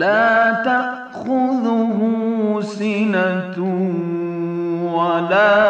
لا تأخذه سنة ولا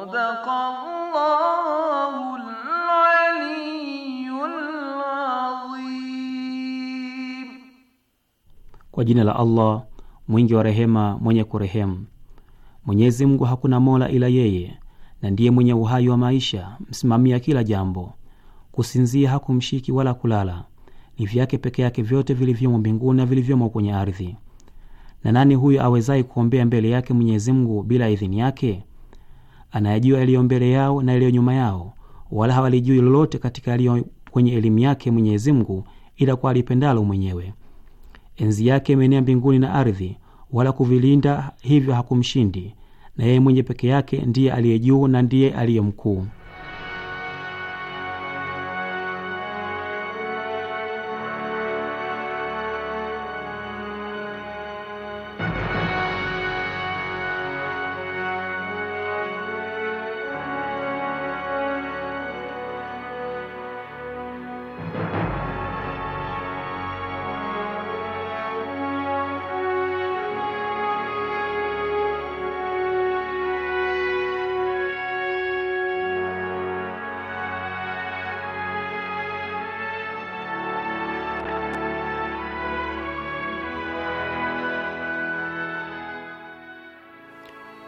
Kwa jina la Allah mwingi wa rehema, mwenye kurehemu. Mwenyezi Mungu hakuna mola ila yeye, na ndiye mwenye uhai wa maisha, msimamia kila jambo. Kusinzia hakumshiki wala kulala. Ni vyake peke yake vyote vilivyomo mbinguni na vilivyomo kwenye ardhi. Na nani huyo awezaye kuombea mbele yake Mwenyezi Mungu bila idhini yake? anayajua yaliyo mbele yao na yaliyo nyuma yao, wala hawalijui lolote katika yaliyo kwenye elimu yake Mwenyezi Mungu ila kwa alipendalo mwenyewe. Enzi yake imeenea mbinguni na ardhi, wala kuvilinda hivyo hakumshindi, na yeye mwenye peke yake ndiye aliye juu na ndiye aliye mkuu.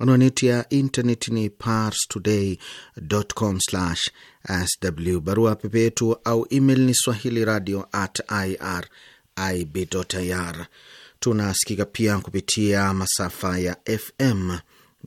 Anwani ya intaneti ni parstoday.com/sw. Barua pepe yetu au email ni swahili radio at irib.ir. Tunasikika pia kupitia masafa ya FM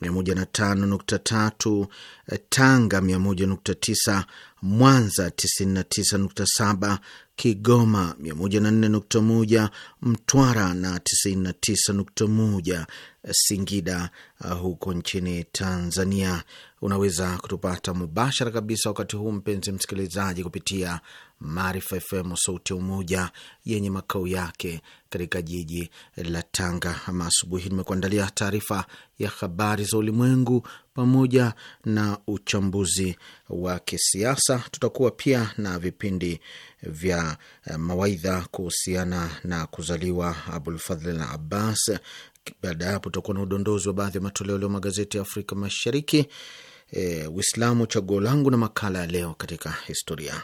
105.3 eh, Tanga, 101.9 Mwanza, 99.7 Kigoma 104.1, Mtwara na 99.1 Singida uh, huko nchini Tanzania. Unaweza kutupata mubashara kabisa wakati huu, mpenzi msikilizaji, kupitia Maarifa FM Sauti ya Umoja yenye makao yake katika jiji la Tanga. Ama asubuhi nimekuandalia taarifa ya habari za ulimwengu pamoja na uchambuzi wa kisiasa. Tutakuwa pia na vipindi vya eh, mawaidha kuhusiana na kuzaliwa Abulfadhl Abbas. Baada ya hapo, utakuwa na udondozi wa baadhi ya matoleo leo magazeti ya Afrika Mashariki, eh, Uislamu e, chaguo langu na makala ya leo katika historia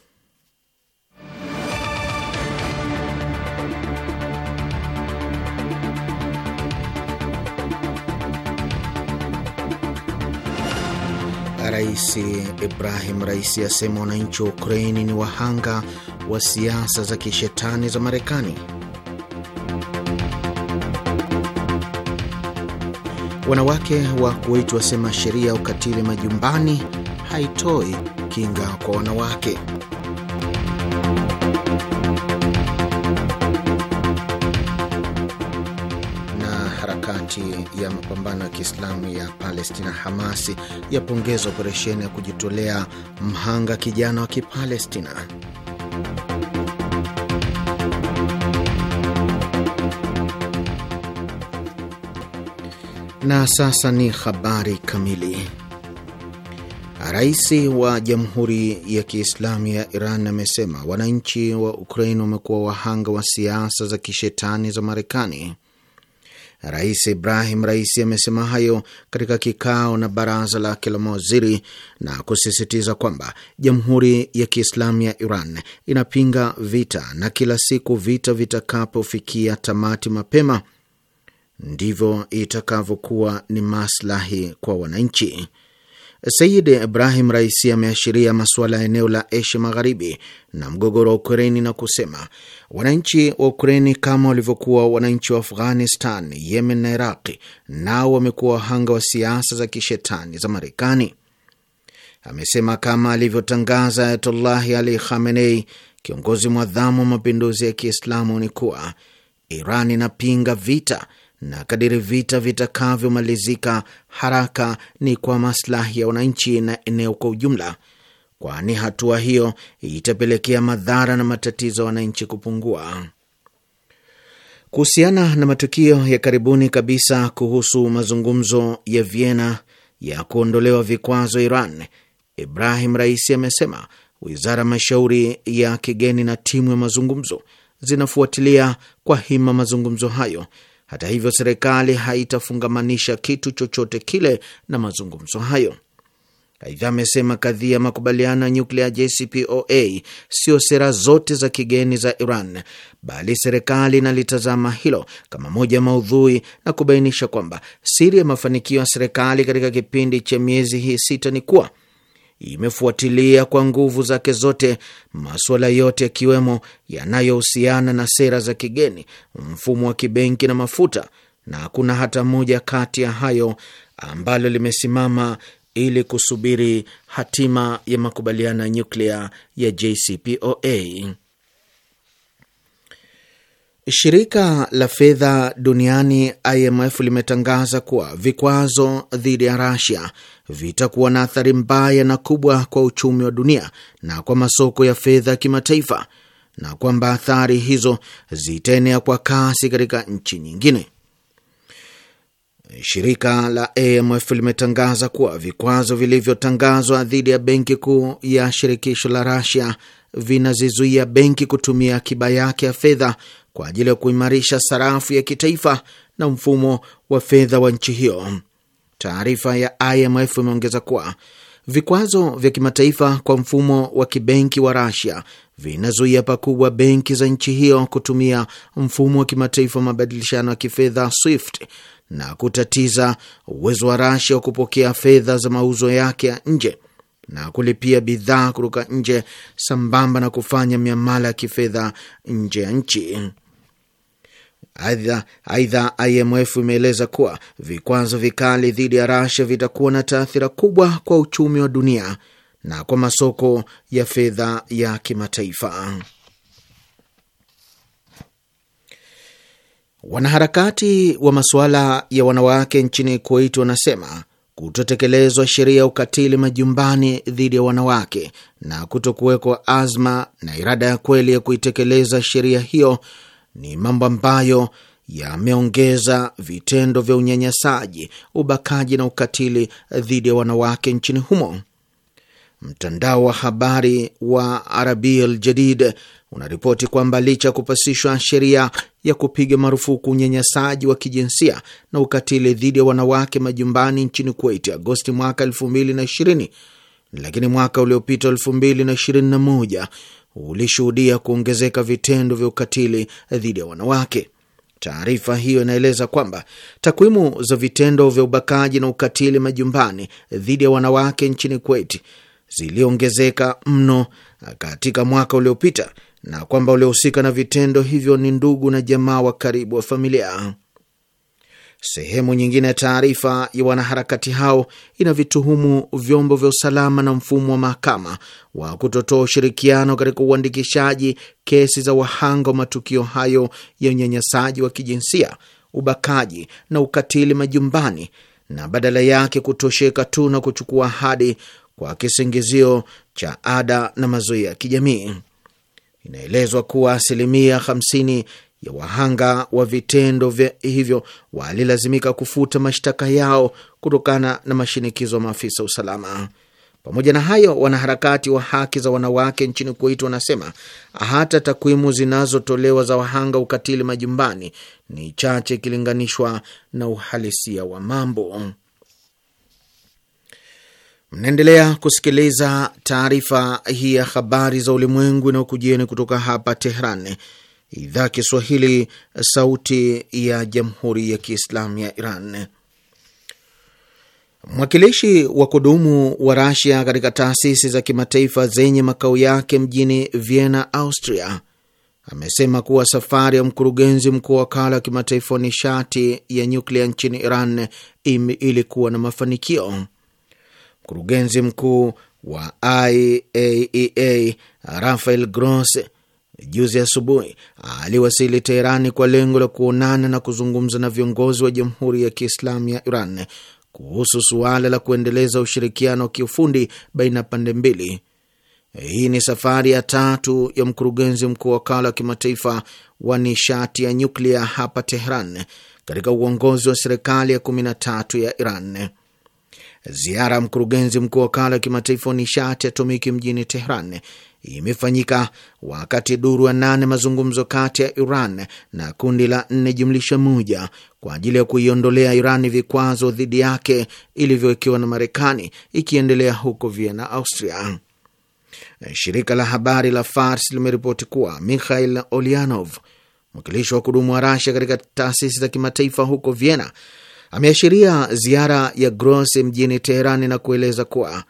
Rais Ibrahim Raisi asema wananchi wa Ukraini ni wahanga wa siasa za kishetani za Marekani. Wanawake wa Kuwait wasema sheria ya ukatili majumbani haitoi kinga kwa wanawake. mapambano ya Kiislamu ya Palestina Hamasi yapongeza operesheni ya kujitolea mhanga kijana wa Kipalestina. Na sasa ni habari kamili. Rais wa Jamhuri ya Kiislamu ya Iran amesema wananchi wa Ukraine wamekuwa wahanga wa siasa za kishetani za Marekani. Rais Ibrahim Raisi amesema hayo katika kikao na baraza lake la mawaziri na kusisitiza kwamba Jamhuri ya Kiislamu ya Iran inapinga vita na kila siku vita vitakapofikia tamati mapema ndivyo itakavyokuwa ni maslahi kwa wananchi. Sayid Ibrahim Raisi ameashiria masuala ya eneo la Asia Magharibi na mgogoro wa Ukreni na kusema wananchi wa Ukreni kama walivyokuwa wananchi wa Afghanistan, Yemen na Iraqi nao wamekuwa wahanga wa siasa za kishetani za Marekani. Amesema kama alivyotangaza Ayatullahi Ali Khamenei, kiongozi mwadhamu wa mapinduzi ya Kiislamu, ni kuwa Iran inapinga vita na kadiri vita vitakavyomalizika haraka ni kwa maslahi ya wananchi na eneo kwa ujumla, kwani hatua hiyo itapelekea madhara na matatizo ya wananchi kupungua. Kuhusiana na matukio ya karibuni kabisa kuhusu mazungumzo ya Vienna ya kuondolewa vikwazo Iran, Ibrahim Raisi amesema wizara mashauri ya kigeni na timu ya mazungumzo zinafuatilia kwa hima mazungumzo hayo hata hivyo, serikali haitafungamanisha kitu chochote kile na mazungumzo hayo. Aidha, amesema kadhia ya makubaliano ya nyuklia JCPOA sio sera zote za kigeni za Iran, bali serikali inalitazama hilo kama moja ya maudhui na kubainisha kwamba siri ya mafanikio ya serikali katika kipindi cha miezi hii sita ni kuwa imefuatilia kwa nguvu zake zote masuala yote yakiwemo yanayohusiana na sera za kigeni, mfumo wa kibenki na mafuta, na hakuna hata moja kati ya hayo ambalo limesimama ili kusubiri hatima ya makubaliano ya nyuklia ya JCPOA. Shirika la fedha duniani IMF limetangaza kuwa vikwazo dhidi ya Russia vitakuwa na athari mbaya na kubwa kwa uchumi wa dunia na kwa masoko ya fedha ya kimataifa na kwamba athari hizo zitaenea kwa kasi katika nchi nyingine. Shirika la IMF limetangaza kuwa vikwazo vilivyotangazwa dhidi ya benki kuu ya shirikisho la Russia vinazizuia benki kutumia akiba yake ya fedha kwa ajili ya kuimarisha sarafu ya kitaifa na mfumo wa fedha wa nchi hiyo. Taarifa ya IMF imeongeza kuwa vikwazo vya kimataifa kwa mfumo wa kibenki wa Rasia vinazuia pakubwa benki za nchi hiyo kutumia mfumo wa kimataifa wa mabadilishano ya kifedha SWIFT na kutatiza uwezo wa Rasia wa kupokea fedha za mauzo yake ya nje na kulipia bidhaa kutoka nje sambamba na kufanya miamala ya kifedha nje ya nchi. Aidha, IMF imeeleza kuwa vikwazo vikali dhidi ya rasha vitakuwa na taathira kubwa kwa uchumi wa dunia na kwa masoko ya fedha ya kimataifa. Wanaharakati wa masuala ya wanawake nchini Kuwait wanasema kutotekelezwa sheria ya ukatili majumbani dhidi ya wanawake na kutokuwekwa azma na irada ya kweli ya kuitekeleza sheria hiyo ni mambo ambayo yameongeza vitendo vya unyanyasaji, ubakaji na ukatili dhidi ya wanawake nchini humo. Mtandao wa habari wa Arabia jadid unaripoti kwamba licha ya kupasishwa sheria ya kupiga marufuku unyanyasaji wa kijinsia na ukatili dhidi ya wanawake majumbani nchini Kuwait Agosti mwaka 2020, lakini mwaka uliopita 2021 ulishuhudia kuongezeka vitendo vya ukatili dhidi ya wanawake. Taarifa hiyo inaeleza kwamba takwimu za vitendo vya ubakaji na ukatili majumbani dhidi ya wanawake nchini Kuwait ziliongezeka mno katika mwaka uliopita na kwamba waliohusika na vitendo hivyo ni ndugu na jamaa wa karibu wa familia. Sehemu nyingine ya taarifa ya wanaharakati hao inavituhumu vyombo vya usalama na mfumo wa mahakama wa kutotoa ushirikiano katika uandikishaji kesi za wahanga wa matukio hayo ya unyanyasaji wa kijinsia, ubakaji na ukatili majumbani, na badala yake kutosheka tu na kuchukua ahadi kwa kisingizio cha ada na mazoea ya kijamii. Inaelezwa kuwa asilimia ya wahanga wa vitendo vya hivyo walilazimika kufuta mashtaka yao kutokana na mashinikizo ya maafisa usalama. Pamoja na hayo, wanaharakati wa haki za wanawake nchini Kuwait wanasema hata takwimu zinazotolewa za wahanga ukatili majumbani ni chache ikilinganishwa na uhalisia wa mambo. Mnaendelea kusikiliza taarifa hii ya habari za ulimwengu inayokujieni kutoka hapa tehrani idhaa Kiswahili, sauti ya jamhuri ya kiislamu ya Iran. Mwakilishi wa kudumu wa Rasia katika taasisi za kimataifa zenye makao yake mjini Vienna, Austria, amesema kuwa safari ya mkurugenzi mkuu wa wakala wa kimataifa wa nishati ya nyuklia nchini Iran ilikuwa na mafanikio. Mkurugenzi mkuu wa IAEA e Rafael Gross juzi asubuhi aliwasili Teherani kwa lengo la kuonana na kuzungumza na viongozi wa Jamhuri ya Kiislamu ya Iran kuhusu suala la kuendeleza ushirikiano wa kiufundi baina ya pande mbili. Hii ni safari ya tatu ya mkurugenzi mkuu wa wakala wa kimataifa wa nishati ya nyuklia hapa Tehran katika uongozi wa serikali ya kumi na tatu ya Iran. Ziara ya mkurugenzi mkuu wa wakala wa kimataifa wa nishati atomiki mjini Tehran imefanyika wakati duru ya nane mazungumzo kati ya Iran na kundi la nne jumlisha moja kwa ajili ya kuiondolea Iran vikwazo dhidi yake ilivyowekewa na Marekani ikiendelea huko Vienna, Austria. Shirika la habari la Fars limeripoti kuwa Mikhail Olianov, mwakilishi wa kudumu wa Rasia katika taasisi za kimataifa huko Vienna, ameashiria ziara ya Gross mjini Teherani na kueleza kuwa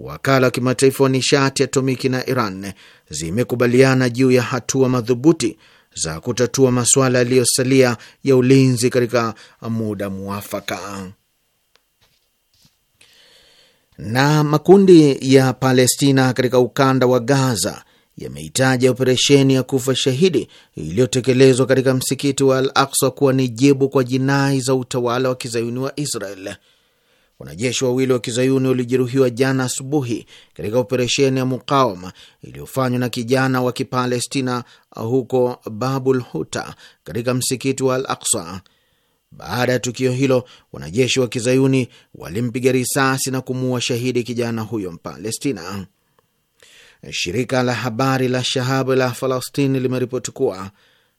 wakala wa kimataifa wa nishati atomiki na Iran zimekubaliana juu ya hatua madhubuti za kutatua masuala yaliyosalia ya ulinzi katika muda mwafaka. Na makundi ya Palestina katika ukanda wa Gaza yamehitaja operesheni ya kufa shahidi iliyotekelezwa katika msikiti wa Al Aksa kuwa ni jibu kwa jinai za utawala wa kizayuni wa Israel. Wanajeshi wawili wa kizayuni walijeruhiwa jana asubuhi katika operesheni ya mukawama iliyofanywa na kijana wa Kipalestina huko Babul Huta katika msikiti wa Al Aksa. Baada ya tukio hilo, wanajeshi wa kizayuni walimpiga risasi na kumuua shahidi kijana huyo Mpalestina. Shirika la habari la shahabu la Falastini limeripoti kuwa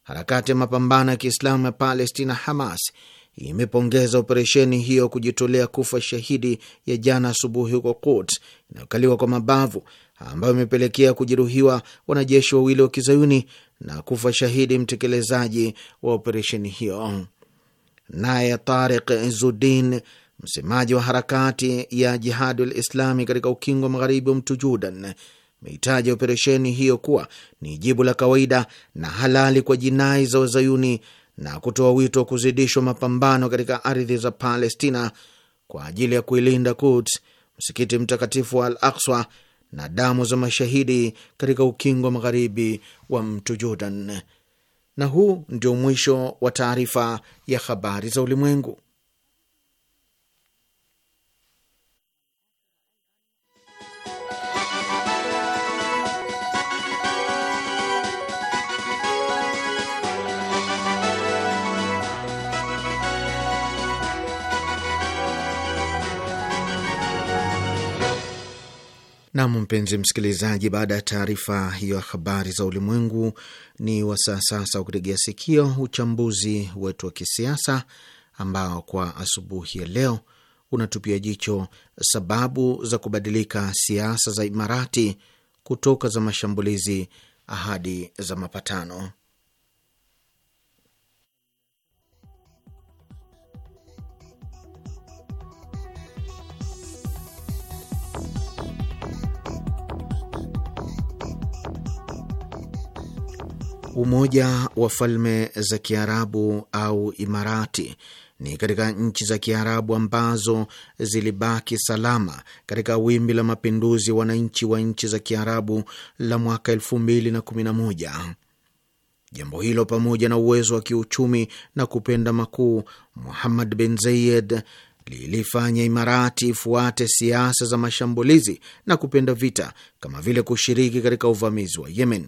harakati ya mapambano ya Kiislamu ya Palestina, Hamas, imepongeza operesheni hiyo kujitolea kufa shahidi ya jana asubuhi huko Quds inayokaliwa kwa mabavu ambayo imepelekea kujeruhiwa wanajeshi wawili wa kizayuni na kufa shahidi mtekelezaji wa operesheni hiyo. Naye Tariq zudin msemaji wa harakati ya Jihadul Islami katika ukingo wa magharibi wa mto Jordan, amehitaja operesheni hiyo kuwa ni jibu la kawaida na halali kwa jinai za wazayuni na kutoa wito wa kuzidishwa mapambano katika ardhi za Palestina kwa ajili ya kuilinda Quds, msikiti mtakatifu wa Al Akswa na damu za mashahidi katika ukingo wa magharibi wa mto Jordan. Na huu ndio mwisho wa taarifa ya habari za ulimwengu. Nam, mpenzi msikilizaji, baada ya taarifa hiyo ya habari za ulimwengu, ni wasaa sasa wa kutegea sikio uchambuzi wetu wa kisiasa ambao kwa asubuhi ya leo unatupia jicho sababu za kubadilika siasa za Imarati kutoka za mashambulizi hadi za mapatano. Umoja wa Falme za Kiarabu au Imarati ni katika nchi za Kiarabu ambazo zilibaki salama katika wimbi la mapinduzi wananchi wa nchi za Kiarabu la mwaka elfu mbili na kumi na moja. Jambo hilo pamoja na uwezo wa kiuchumi na kupenda makuu Muhammad bin Zayed lilifanya Imarati ifuate siasa za mashambulizi na kupenda vita kama vile kushiriki katika uvamizi wa Yemen.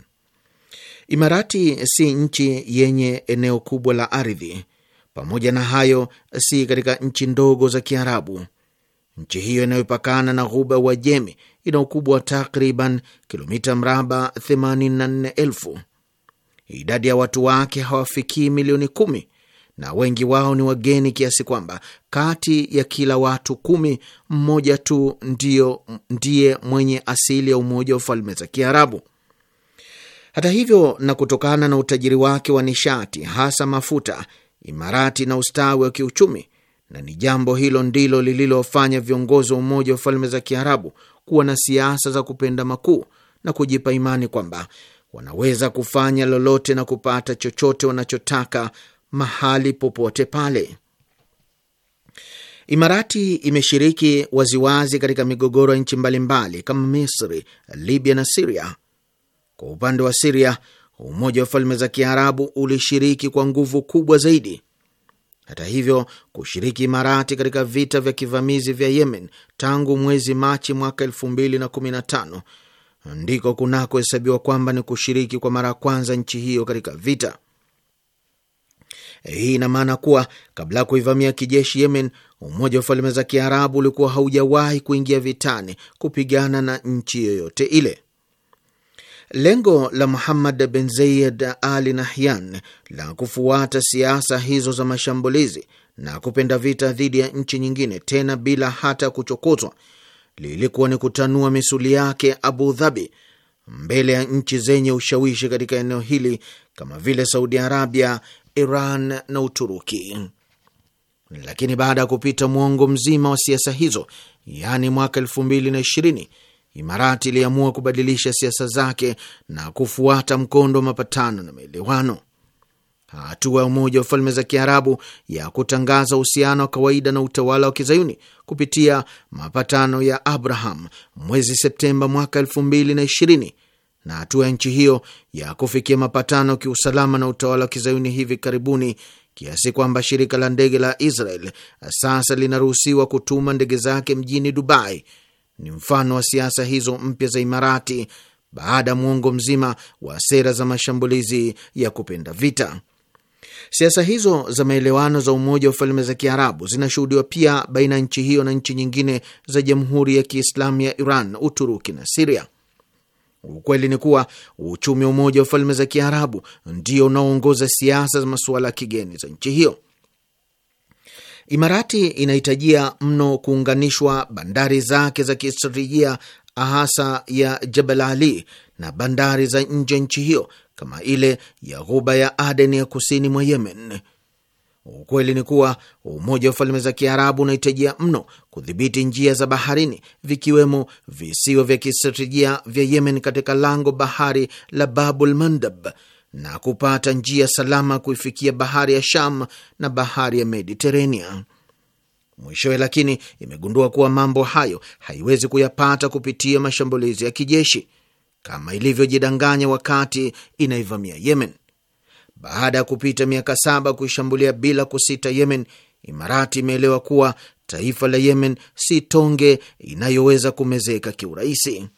Imarati si nchi yenye eneo kubwa la ardhi. Pamoja na hayo, si katika nchi ndogo za Kiarabu. Nchi hiyo inayopakana na ghuba ya Uajemi ina ukubwa wa takriban kilomita mraba 84,000. Idadi ya watu wake hawafikii milioni kumi na wengi wao ni wageni kiasi kwamba kati ya kila watu kumi mmoja tu ndio ndiye mwenye asili ya Umoja wa Falme za Kiarabu. Hata hivyo, na kutokana na utajiri wake wa nishati hasa mafuta, Imarati na ustawi wa kiuchumi, na ni jambo hilo ndilo lililofanya viongozi wa Umoja wa Falme za Kiarabu kuwa na siasa za kupenda makuu na kujipa imani kwamba wanaweza kufanya lolote na kupata chochote wanachotaka mahali popote pale. Imarati imeshiriki waziwazi katika migogoro ya nchi mbalimbali kama Misri, Libya na Siria kwa upande wa Siria, Umoja wa Falme za Kiarabu ulishiriki kwa nguvu kubwa zaidi. Hata hivyo, kushiriki Imarati katika vita vya kivamizi vya Yemen tangu mwezi Machi mwaka elfu ndiko kunakohesabiwa kwamba ni kushiriki kwa mara ya kwanza nchi hiyo katika vita. Eh, hii ina maana kuwa kabla ya kuivamia kijeshi Yemen, Umoja wa Falme za Kiarabu ulikuwa haujawahi kuingia vitani kupigana na nchi yoyote ile. Lengo la Muhammad bin Zayed Ali Nahyan la kufuata siasa hizo za mashambulizi na kupenda vita dhidi ya nchi nyingine, tena bila hata kuchokozwa, lilikuwa ni kutanua misuli yake Abu Dhabi mbele ya nchi zenye ushawishi katika eneo hili kama vile Saudi Arabia, Iran na Uturuki. Lakini baada ya kupita mwongo mzima wa siasa hizo, yaani mwaka elfu mbili na ishirini Imarati iliamua kubadilisha siasa zake na kufuata mkondo wa mapatano na maelewano. Hatua ya Umoja wa Falme za Kiarabu ya kutangaza uhusiano wa kawaida na utawala wa kizayuni kupitia mapatano ya Abraham mwezi Septemba mwaka elfu mbili na ishirini na hatua ya nchi hiyo ya kufikia mapatano kiusalama na utawala wa kizayuni hivi karibuni kiasi kwamba shirika la ndege la Israel sasa linaruhusiwa kutuma ndege zake mjini Dubai ni mfano wa siasa hizo mpya za Imarati baada ya muongo mzima wa sera za mashambulizi ya kupenda vita. Siasa hizo za maelewano za Umoja wa Falme za Kiarabu zinashuhudiwa pia baina ya nchi hiyo na nchi nyingine za Jamhuri ya Kiislamu ya Iran, Uturuki na Siria. Ukweli ni kuwa uchumi wa Umoja wa Falme za Kiarabu ndio unaoongoza siasa za masuala ya kigeni za nchi hiyo. Imarati inahitajia mno kuunganishwa bandari zake za kistratejia hasa ya Jabal Ali na bandari za nje nchi hiyo kama ile ya ghuba ya Aden ya kusini mwa Yemen. Ukweli ni kuwa Umoja wa Falme za Kiarabu unahitajia mno kudhibiti njia za baharini, vikiwemo visiwa vya kistratejia vya Yemen katika lango bahari la Babul Mandab na kupata njia salama kuifikia bahari ya Sham na bahari ya Mediterania. Mwishowe lakini imegundua kuwa mambo hayo haiwezi kuyapata kupitia mashambulizi ya kijeshi kama ilivyojidanganya wakati inaivamia Yemen. Baada ya kupita miaka saba kuishambulia bila kusita Yemen, Imarati imeelewa kuwa taifa la Yemen si tonge inayoweza kumezeka kiurahisi.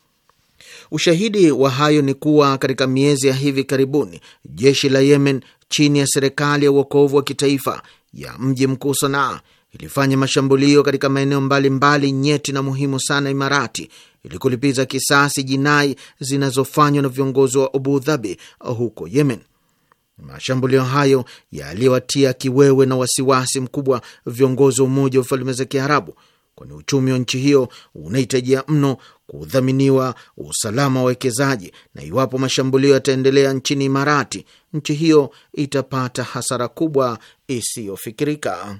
Ushahidi wa hayo ni kuwa katika miezi ya hivi karibuni jeshi la Yemen chini ya serikali ya uokovu wa kitaifa ya mji mkuu Sanaa ilifanya mashambulio katika maeneo mbalimbali nyeti na muhimu sana Imarati ili kulipiza kisasi jinai zinazofanywa na viongozi wa Abu Dhabi huko Yemen. Mashambulio hayo yaliwatia kiwewe na wasiwasi mkubwa viongozi wa Umoja wa Falme za Kiarabu, kwani uchumi wa nchi hiyo unahitajia mno kudhaminiwa usalama wa wekezaji, na iwapo mashambulio yataendelea nchini Imarati, nchi hiyo itapata hasara kubwa isiyofikirika.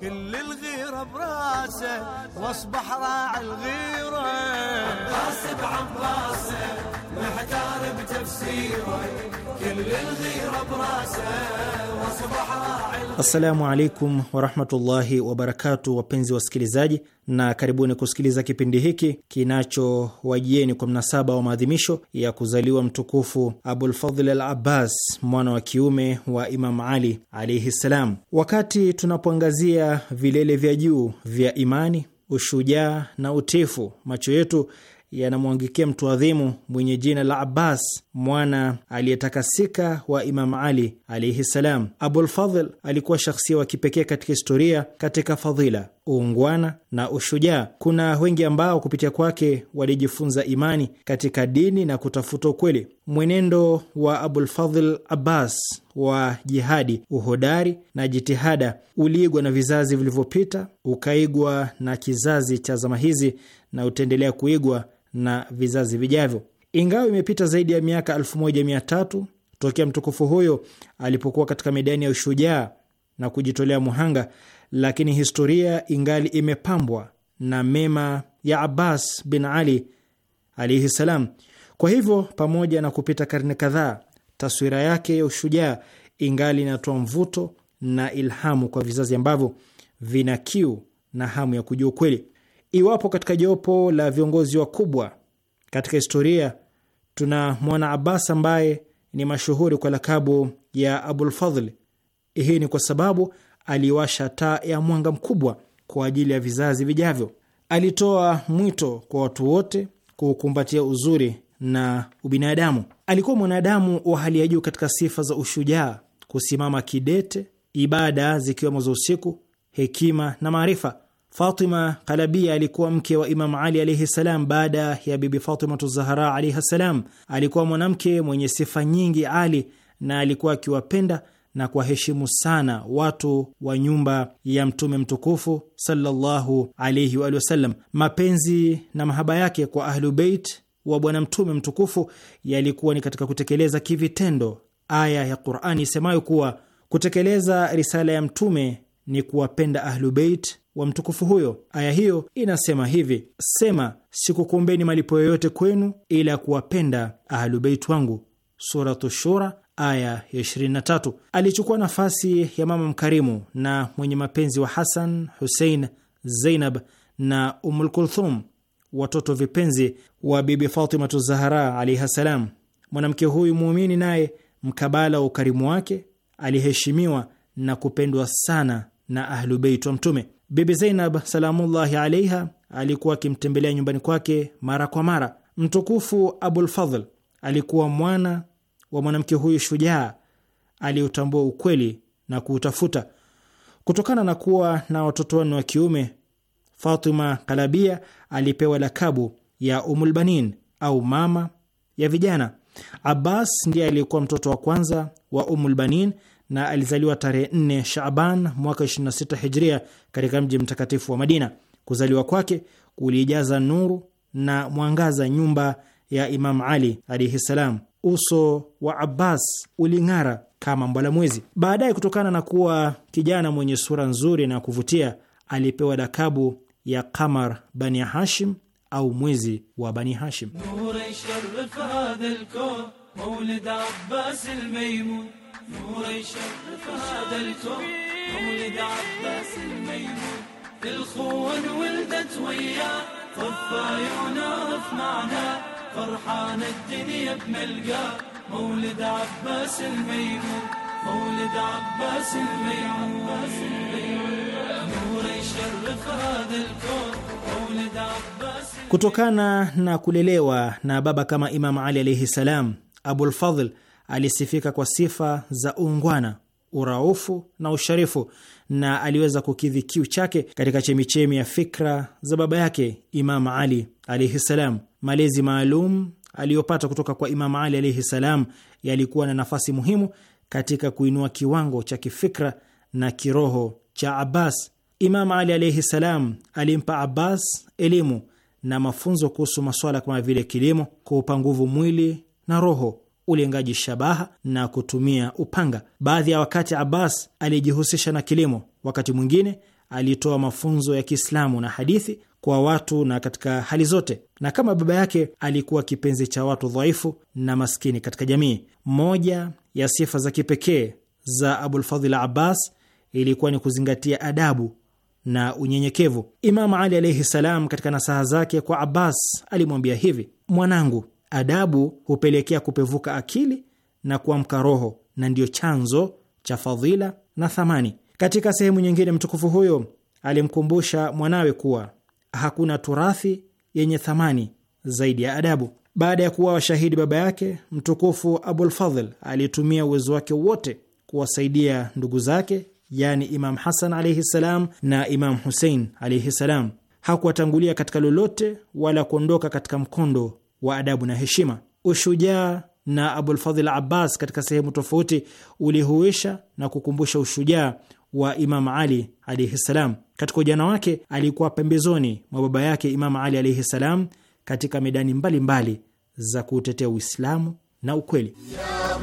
كل الغيرة براسه واصبح راع الغيرة غاصب عن راسه محتار بتفسيره كل براسه واصبح Assalamu alaikum warahmatullahi wabarakatu, wapenzi wasikilizaji, na karibuni kusikiliza kipindi hiki kinachowajieni kwa mnasaba wa maadhimisho ya kuzaliwa mtukufu Abulfadhl al Abbas, mwana wa kiume wa Imam Ali alaihi ssalam. Wakati tunapoangazia vilele vya juu vya imani, ushujaa na utifu, macho yetu yanamwangikia mtu adhimu mwenye jina la Abbas, mwana aliyetakasika wa Imam Ali alaihi ssalam Abulfadhl alikuwa shakhsia wa kipekee katika historia katika fadhila, uungwana na ushujaa. Kuna wengi ambao kupitia kwake walijifunza imani katika dini na kutafuta ukweli. Mwenendo wa Abulfadhl Abbas wa jihadi, uhodari na jitihada uliigwa na vizazi vilivyopita, ukaigwa na kizazi cha zama hizi na utaendelea kuigwa na vizazi vijavyo. Ingawa imepita zaidi ya miaka elfu tatu tokea mtukufu huyo alipokuwa katika medani ya ushujaa na kujitolea muhanga, lakini historia ingali imepambwa na mema ya Abbas bin Ali alaihi salam. Kwa hivyo, pamoja na kupita karne kadhaa, taswira yake ya ushujaa ingali inatoa mvuto na ilhamu kwa vizazi ambavyo vina kiu na hamu ya kujua ukweli. Iwapo katika jopo la viongozi wakubwa katika historia tuna mwana Abbas ambaye ni mashuhuri kwa lakabu ya Abulfadhl. Hii ni kwa sababu aliwasha taa ya mwanga mkubwa kwa ajili ya vizazi vijavyo. Alitoa mwito kwa watu wote kukumbatia uzuri na ubinadamu. Alikuwa mwanadamu wa hali ya juu katika sifa za ushujaa, kusimama kidete, ibada zikiwemo za usiku, hekima na maarifa. Fatima Kalabia alikuwa mke wa Imam Ali alaihi ssalam baada ya Bibi Fatimatu Zahara alaihi ssalam. Alikuwa mwanamke mwenye sifa nyingi ali, na alikuwa akiwapenda na kuwaheshimu sana watu wa nyumba ya Mtume mtukufu sallallahu alaihi wa wasallam. Mapenzi na mahaba yake kwa Ahlu Beit wa Bwana Mtume mtukufu yalikuwa ni katika kutekeleza kivitendo aya ya Qurani isemayo kuwa kutekeleza risala ya Mtume ni kuwapenda Ahlu Beit wa mtukufu huyo. Aya hiyo inasema hivi: sema sikukuombeni malipo yoyote kwenu ila kuwapenda ahlubeit wangu. Suratu Shura aya ya 23. Alichukua nafasi ya mama mkarimu na mwenye mapenzi wa Hasan, Husein, Zeinab na Umulkulthum, watoto vipenzi wa Bibi Fatimatu Zahara alaihi salam. Mwanamke huyu muumini naye mkabala wa ukarimu wake aliheshimiwa na kupendwa sana na Ahlubeit wa Mtume. Bibi Zainab salamullahi alaiha alikuwa akimtembelea nyumbani kwake mara kwa mara. Mtukufu Abulfadhl alikuwa mwana wa mwanamke huyu shujaa aliyeutambua ukweli na kuutafuta. Kutokana na kuwa na watoto wanne wa kiume, Fatima Kalabia alipewa lakabu ya Umulbanin au mama ya vijana. Abbas ndiye aliyekuwa mtoto wa kwanza wa Umulbanin na alizaliwa tarehe 4 Shaban mwaka 26 Hijria katika mji mtakatifu wa Madina. Kuzaliwa kwake kuliijaza nuru na mwangaza nyumba ya Imam Ali alaihi ssalam Uso wa Abbas uling'ara kama mbala mwezi. Baadaye, kutokana na kuwa kijana mwenye sura nzuri na kuvutia, alipewa dakabu ya Qamar Bani Hashim au mwezi wa Bani Hashim. نور يشرف هذا الكون مولد عباس الميمون في ولدت وياه طف عيونه في معناه فرحان الدنيا بملقاه مولد عباس الميمون مولد عباس الميمون نور يشرف هذا الكون مولد عباس الميمون. كتokana na kulelewa na baba kama Imam Ali alayhi salam Abul Fadhl alisifika kwa sifa za uungwana, uraufu na usharifu, na aliweza kukidhi kiu chake katika chemichemi ya fikra za baba yake Imam Ali alaihi salam. Malezi maalum aliyopata kutoka kwa Imam Ali alaihi salam yalikuwa na nafasi muhimu katika kuinua kiwango cha kifikra na kiroho cha Abbas. Imam Ali alaihi salam alimpa Abbas elimu na mafunzo kuhusu maswala kama vile kilimo, kuupa nguvu mwili na roho ulengaji shabaha na kutumia upanga. Baadhi ya wakati Abbas alijihusisha na kilimo, wakati mwingine alitoa mafunzo ya Kiislamu na hadithi kwa watu na katika hali zote, na kama baba yake alikuwa kipenzi cha watu dhaifu na maskini katika jamii. Moja ya sifa za kipekee za Abulfadhil Abbas ilikuwa ni kuzingatia adabu na unyenyekevu. Imamu Ali alaihi salam, katika nasaha zake kwa Abbas alimwambia hivi: mwanangu Adabu hupelekea kupevuka akili na kuamka roho, na ndiyo chanzo cha fadhila na thamani. Katika sehemu nyingine, mtukufu huyo alimkumbusha mwanawe kuwa hakuna turathi yenye thamani zaidi ya adabu. Baada ya kuwa washahidi baba yake, mtukufu Abulfadhl alitumia uwezo wake wote kuwasaidia ndugu zake, yani Imam Hasan alaihi ssalam na Imam Husein alaihi ssalam. Hakuwatangulia katika lolote wala kuondoka katika mkondo wa adabu na heshima. Ushujaa na Abulfadhil Abbas katika sehemu tofauti ulihuisha na kukumbusha ushujaa wa Imam Ali alaihi ssalam. Katika ujana wake alikuwa pembezoni mwa baba yake Imam Ali alaihi ssalam katika medani mbalimbali mbali za kuutetea Uislamu na ukweli ya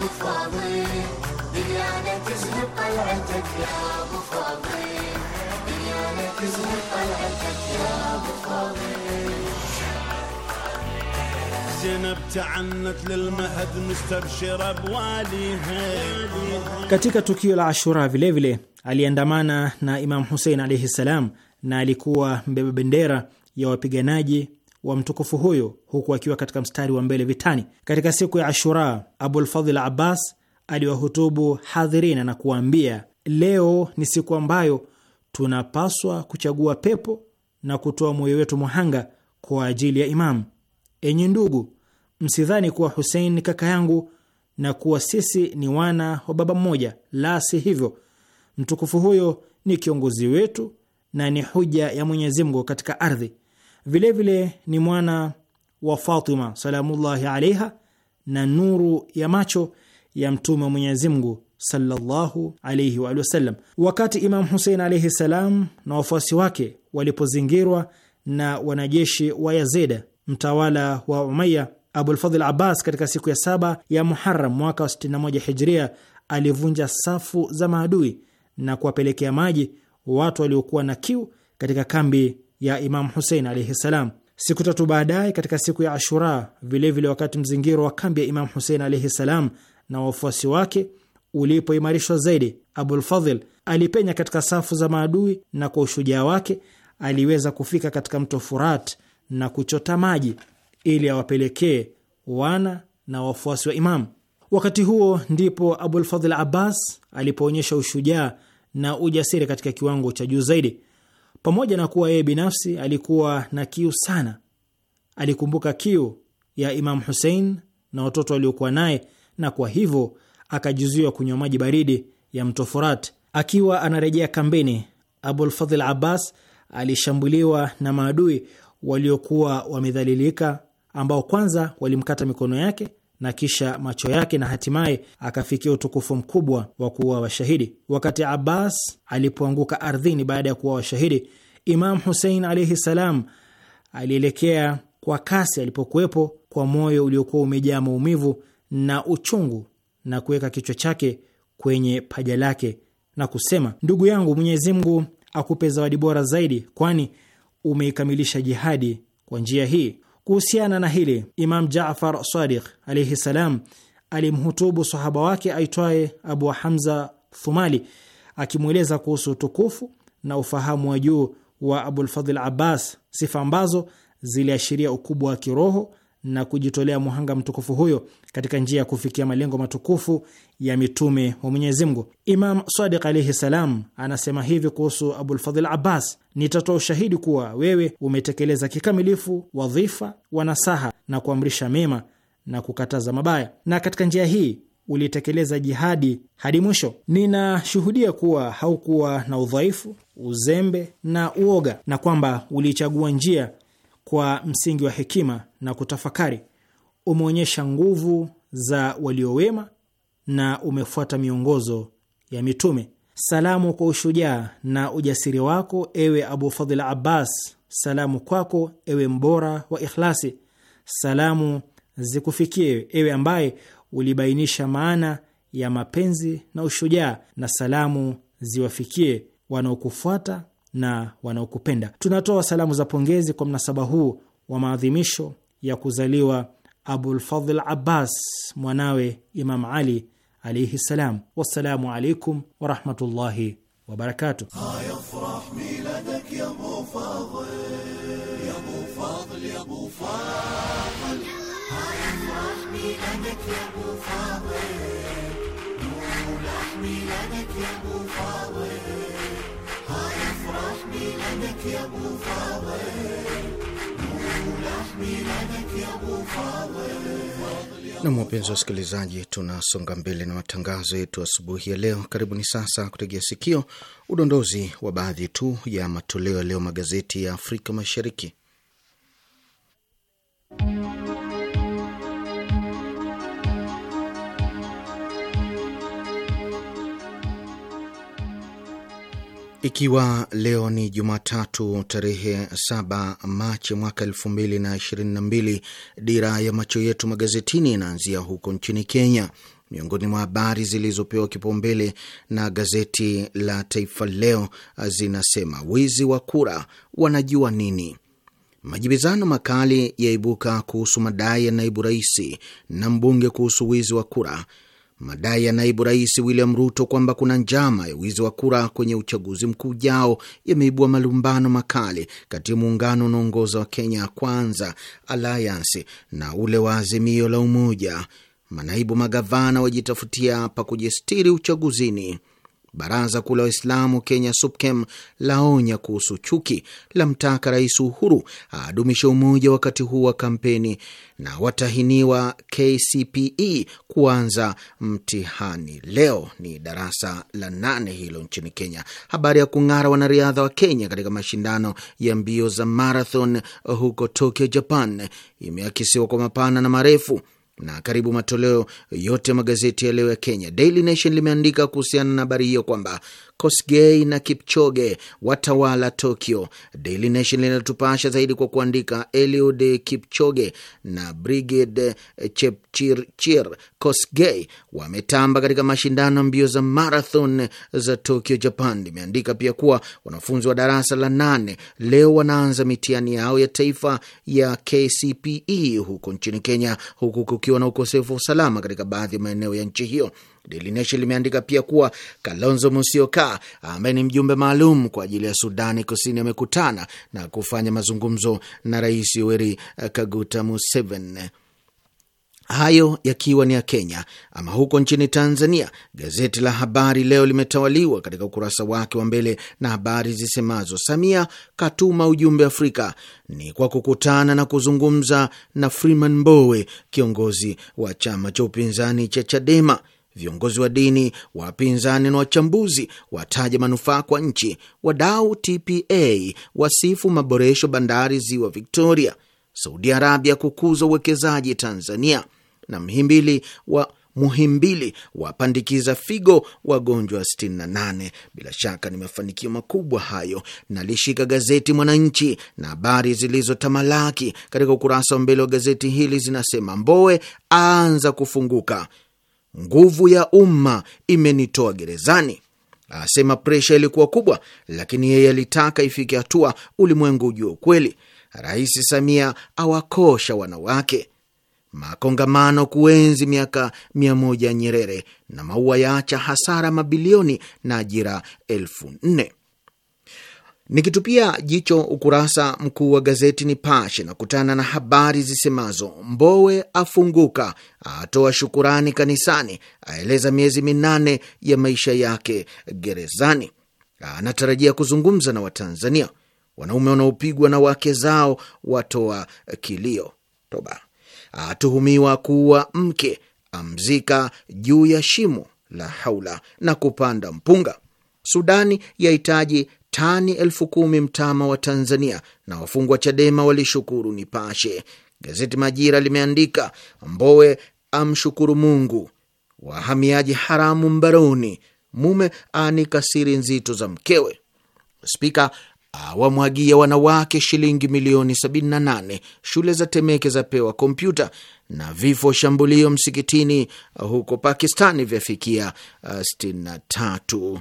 Katika tukio la Ashura vilevile aliandamana na Imam Husein alaihi ssalam, na alikuwa mbeba bendera ya wapiganaji wa mtukufu huyo huku akiwa katika mstari wa mbele vitani. Katika siku ya Ashura, Abulfadhil Abbas aliwahutubu hadhirina na kuwaambia, leo ni siku ambayo tunapaswa kuchagua pepo na kutoa moyo wetu muhanga kwa ajili ya Imamu. Enyi ndugu, msidhani kuwa Husein ni kaka yangu na kuwa sisi ni wana wa baba mmoja, la si hivyo. Mtukufu huyo ni kiongozi wetu na ni huja ya Mwenyezi Mungu katika ardhi. Vilevile ni mwana wa Fatima salamullahi alaiha na nuru ya macho ya mtume wa Mwenyezi Mungu sallallahu alaihi wa sallam. Wakati imamu Husein alaihi salam na wafuasi wake walipozingirwa na wanajeshi wa Yazida, mtawala wa Umaya, Abulfadhil Abbas katika siku ya saba ya Muharam mwaka 61 Hijria alivunja safu za maadui na kuwapelekea maji watu waliokuwa na kiu katika kambi ya Imamu Husein alaihi ssalam. Siku tatu baadaye, katika siku ya Ashura vilevile vile, wakati mzingiro wa kambi ya Imamu Husein alaihi ssalam na wafuasi wake ulipoimarishwa zaidi, Abulfadhil alipenya katika safu za maadui na kwa ushujaa wake aliweza kufika katika mto Furat na kuchota maji ili awapelekee wana na wafuasi wa Imamu. Wakati huo ndipo Abulfadhl Abbas alipoonyesha ushujaa na ujasiri katika kiwango cha juu zaidi. Pamoja na kuwa yeye binafsi alikuwa na kiu sana, alikumbuka kiu ya Imamu Husein na watoto waliokuwa naye, na kwa hivyo akajuziwa kunywa maji baridi ya mto Furat. Akiwa anarejea kambini, Abulfadhl Abbas alishambuliwa na maadui waliokuwa wamedhalilika ambao kwanza walimkata mikono yake na kisha macho yake na hatimaye akafikia utukufu mkubwa wa kuua washahidi. Wakati Abbas alipoanguka ardhini baada ya kuua washahidi, Imam Husein alaihi salam alielekea kwa kasi alipokuwepo kwa moyo uliokuwa umejaa maumivu na uchungu, na kuweka kichwa chake kwenye paja lake na kusema, ndugu yangu, Mwenyezi Mungu akupe zawadi bora zaidi, kwani umeikamilisha jihadi kwa njia hii. Kuhusiana na hili, Imam Jafar Sadiq alaihi salam alimhutubu sahaba wake aitwaye Abu Hamza Thumali akimweleza kuhusu utukufu na ufahamu wa juu wa Abulfadl Abbas, sifa ambazo ziliashiria ukubwa wa kiroho na kujitolea muhanga mtukufu huyo katika njia ya kufikia malengo matukufu ya mitume wa Mwenyezi Mungu. Imam Sadiq alaihi salam anasema hivi kuhusu Abulfadhil Abbas: nitatoa ushahidi kuwa wewe umetekeleza kikamilifu wadhifa wa nasaha na kuamrisha mema na kukataza mabaya, na katika njia hii ulitekeleza jihadi hadi mwisho. Ninashuhudia kuwa haukuwa na udhaifu, uzembe na uoga, na kwamba ulichagua njia kwa msingi wa hekima na kutafakari, umeonyesha nguvu za waliowema na umefuata miongozo ya mitume. Salamu kwa ushujaa na ujasiri wako, ewe Abu Fadhil Abbas. Salamu kwako, ewe mbora wa ikhlasi. Salamu zikufikie, ewe ambaye ulibainisha maana ya mapenzi na ushujaa, na salamu ziwafikie wanaokufuata na wanaokupenda. Tunatoa salamu za pongezi kwa mnasaba huu wa maadhimisho ya kuzaliwa abulfadl Abbas mwanawe Imam Ali alaihi ssalam. Wassalamu alaikum warahmatullahi wabarakatuh. Nam, wapenzi wa wasikilizaji, tunasonga mbele na matangazo yetu asubuhi ya leo. Karibuni sasa kutegea sikio udondozi wa baadhi tu ya matoleo ya leo magazeti ya Afrika Mashariki. Ikiwa leo ni Jumatatu tarehe 7 Machi mwaka elfu dira ya macho yetu magazetini inaanzia huko nchini Kenya. Miongoni mwa habari zilizopewa kipaumbele na gazeti la Taifa Leo zinasema wizi wa kura wanajua nini, majibizano makali yaibuka kuhusu madai ya naibu raisi na mbunge kuhusu wizi wa kura, Madai ya naibu rais William Ruto kwamba kuna njama ya wizi wa kura kwenye uchaguzi mkuu ujao yameibua malumbano makali kati ya muungano unaongoza wa Kenya Kwanza Alliance na ule wa Azimio la Umoja. Manaibu magavana wajitafutia pa kujistiri uchaguzini. Baraza Kuu la Waislamu Kenya, SUPKEM, laonya kuhusu chuki, lamtaka Rais Uhuru adumishe umoja wakati huu wa kampeni, na watahiniwa KCPE kuanza mtihani leo. Ni darasa la nane hilo nchini Kenya. Habari ya kung'ara wanariadha wa Kenya katika mashindano ya mbio za marathon huko Tokyo, Japan, imeakisiwa kwa mapana na marefu na karibu matoleo yote magazeti ya leo ya Kenya. Daily Nation limeandika kuhusiana na habari hiyo kwamba Kosgei na Kipchoge watawala Tokyo. Daily Nation linatupasha zaidi kwa kuandika Eliud Kipchoge na Brigid Chepchirchir Kosgei wametamba katika mashindano mbio za marathon za Tokyo, Japan. Limeandika pia kuwa wanafunzi wa darasa la nane leo wanaanza mitihani yao ya taifa ya KCPE huko nchini Kenya, huku kukiwa na ukosefu wa usalama katika baadhi ya maeneo ya nchi hiyo. Daily Nation limeandika pia kuwa Kalonzo Musyoka ambaye ni mjumbe maalum kwa ajili ya Sudani Kusini amekutana na kufanya mazungumzo na Rais Yoweri eh, Kaguta Museveni. Hayo yakiwa ni ya Kenya. Ama huko nchini Tanzania, gazeti la Habari Leo limetawaliwa katika ukurasa wake wa mbele na habari zisemazo Samia katuma ujumbe Afrika ni kwa kukutana na kuzungumza na Freeman Mbowe, kiongozi wa chama cha upinzani cha Chadema viongozi wa dini, wapinzani na wachambuzi wataja manufaa kwa nchi. Wadau TPA wasifu maboresho bandari ziwa Victoria. Saudi Arabia kukuza uwekezaji Tanzania, na mhimbili wa Muhimbili wapandikiza figo wagonjwa 68. Bila shaka ni mafanikio makubwa hayo. Nalishika gazeti Mwananchi na habari zilizotamalaki katika ukurasa wa mbele wa gazeti hili zinasema Mbowe aanza kufunguka, nguvu ya umma imenitoa gerezani. Asema presha ilikuwa kubwa, lakini yeye alitaka ifike hatua ulimwengu ujue ukweli. Rais Samia awakosha wanawake. Makongamano kuenzi miaka mia moja Nyerere na maua yaacha hasara mabilioni na ajira elfu nne. Nikitupia jicho ukurasa mkuu wa gazeti Nipashe na kutana na habari zisemazo Mbowe afunguka, atoa shukurani kanisani, aeleza miezi minane ya maisha yake gerezani, anatarajia kuzungumza na Watanzania, wanaume wanaopigwa na wake zao watoa kilio, toba, atuhumiwa kuua mke, amzika juu ya shimo la haula, na kupanda mpunga Sudani yahitaji tani elfu kumi mtama wa Tanzania na wafungwa Chadema walishukuru Nipashe. Gazeti Majira limeandika Mbowe amshukuru Mungu, wahamiaji haramu mbaroni, mume aanika siri nzito za mkewe, spika awamwagia wanawake shilingi milioni 78, shule za Temeke zapewa kompyuta, na vifo shambulio msikitini huko Pakistani vyafikia 63. Uh,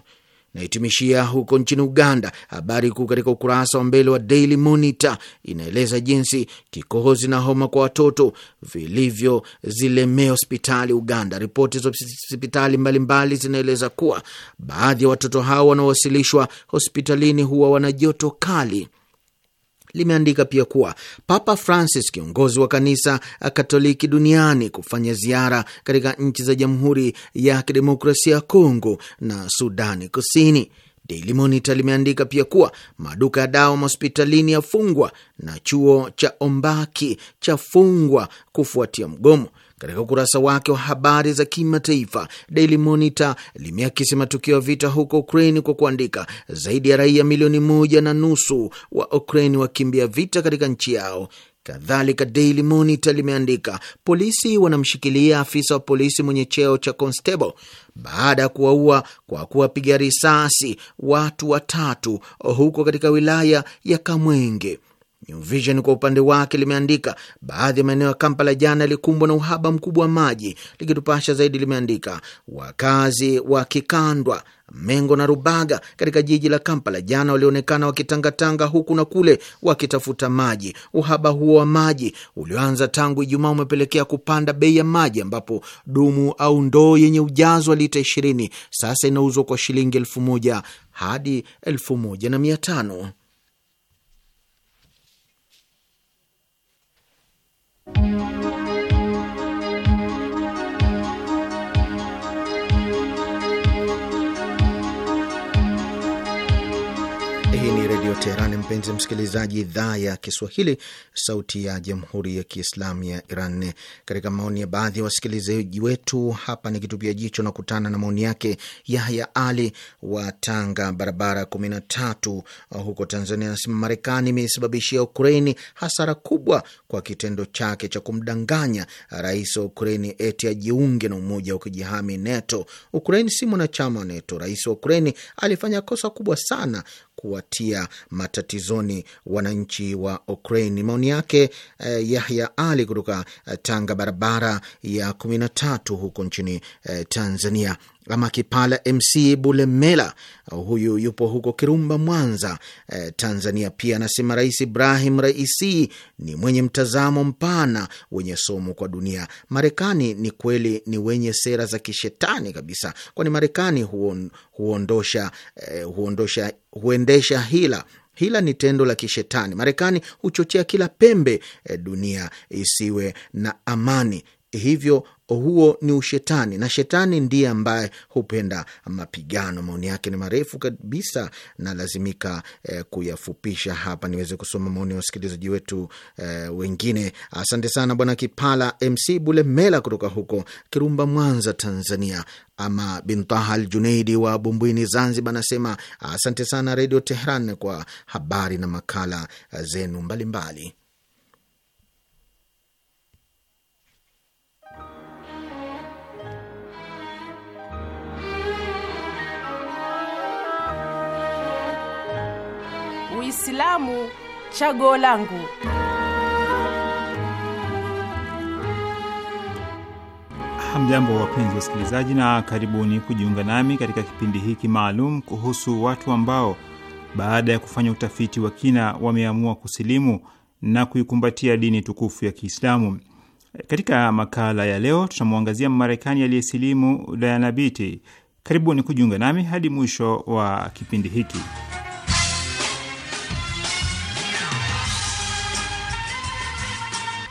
Naitimishia huko nchini Uganda. Habari kuu katika ukurasa wa mbele wa Daily Monitor inaeleza jinsi kikohozi na homa kwa watoto vilivyozilemea hospitali Uganda. Ripoti za hospitali mbalimbali zinaeleza kuwa baadhi ya watoto hao wanaowasilishwa hospitalini huwa wana joto kali limeandika pia kuwa Papa Francis, kiongozi wa kanisa Katoliki duniani, kufanya ziara katika nchi za Jamhuri ya Kidemokrasia ya Kongo na Sudani Kusini. Daily Monitor limeandika pia kuwa maduka ya dawa mahospitalini yafungwa na chuo cha Ombaki chafungwa kufuatia mgomo. Katika ukurasa wake wa habari za kimataifa, Daily Monitor limeakisi matukio ya vita huko Ukraini kwa kuandika, zaidi ya raia milioni moja na nusu wa Ukraini wakimbia vita katika nchi yao. Kadhalika, Daily Monitor limeandika polisi wanamshikilia afisa wa polisi mwenye cheo cha constable baada ya kuwaua kwa kuwapiga risasi watu watatu huko katika wilaya ya Kamwenge. New Vision kwa upande wake limeandika baadhi ya maeneo ya Kampala jana yalikumbwa na uhaba mkubwa wa maji. Likitupasha zaidi, limeandika wakazi wa Kikandwa, Mengo na Rubaga katika jiji la Kampala jana walionekana wakitangatanga huku na kule wakitafuta maji. Uhaba huo wa maji ulioanza tangu Ijumaa umepelekea kupanda bei ya maji, ambapo dumu au ndoo yenye ujazo wa lita ishirini sasa inauzwa kwa shilingi elfu moja hadi elfu moja na mia tano. Teherani. Mpenzi msikilizaji, idhaa ya Kiswahili, sauti ya jamhuri ya kiislamu ya Iran. Katika maoni ya baadhi ya wasikilizaji wetu hapa, ni kitupia jicho na kutana na maoni yake Yahya Ali wa Tanga, barabara kumi na tatu huko Tanzania, anasema Marekani imeisababishia Ukraini hasara kubwa kwa kitendo chake cha kumdanganya rais wa Ukraini eti ajiunge na umoja wa kujihami NATO. Ukraini si mwanachama wa NATO. Rais wa Ukraini alifanya kosa kubwa sana kuwatia matatizoni wananchi wa Ukraine. Maoni yake eh, Yahya Ali kutoka eh, Tanga, barabara ya kumi na tatu huko nchini eh, Tanzania ama Kipala MC Bulemela, huyu yupo huko Kirumba, Mwanza, e, Tanzania. Pia anasema Rais Ibrahim Raisi ni mwenye mtazamo mpana wenye somo kwa dunia. Marekani ni kweli ni wenye sera za kishetani kabisa, kwani Marekani huon, huondosha, eh, huondosha huendesha hila Hila ni tendo la kishetani. Marekani huchochea kila pembe e, dunia isiwe na amani hivyo huo ni ushetani na shetani ndiye ambaye hupenda mapigano. Maoni yake ni marefu kabisa, nalazimika eh, kuyafupisha hapa niweze kusoma maoni ya wasikilizaji wetu eh, wengine. Asante sana Bwana Kipala MC Bulemela kutoka huko Kirumba, Mwanza, Tanzania. Ama Bintaha Juneidi wa Bumbwini, Zanzibar, anasema asante sana Redio Tehran kwa habari na makala zenu mbalimbali mbali. Uislamu chaguo langu. Hamjambo, wapenzi wasikilizaji, na karibuni kujiunga nami katika kipindi hiki maalum kuhusu watu ambao baada ya kufanya utafiti wa kina wameamua kusilimu na kuikumbatia dini tukufu ya Kiislamu. Katika makala ya leo tutamwangazia Mmarekani aliyesilimu Diana Karibuni kujiunga nami hadi mwisho wa kipindi hiki.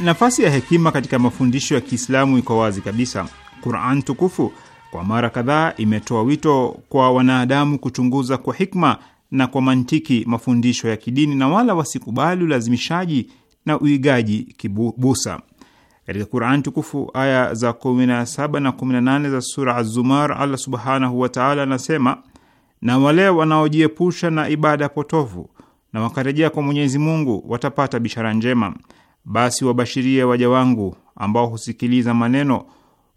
Nafasi ya hekima katika mafundisho ya Kiislamu iko wazi kabisa. Quran tukufu kwa mara kadhaa imetoa wito kwa wanadamu kuchunguza kwa hikma na kwa mantiki mafundisho ya kidini na wala wasikubali ulazimishaji na uigaji kibusa Katika Quran tukufu aya za 17 na 18 za sura Az-Zumar, Allah subhanahu wataala anasema, na wale wanaojiepusha na ibada potovu na wakarejea kwa Mwenyezi Mungu watapata bishara njema basi wabashirie waja wangu ambao husikiliza maneno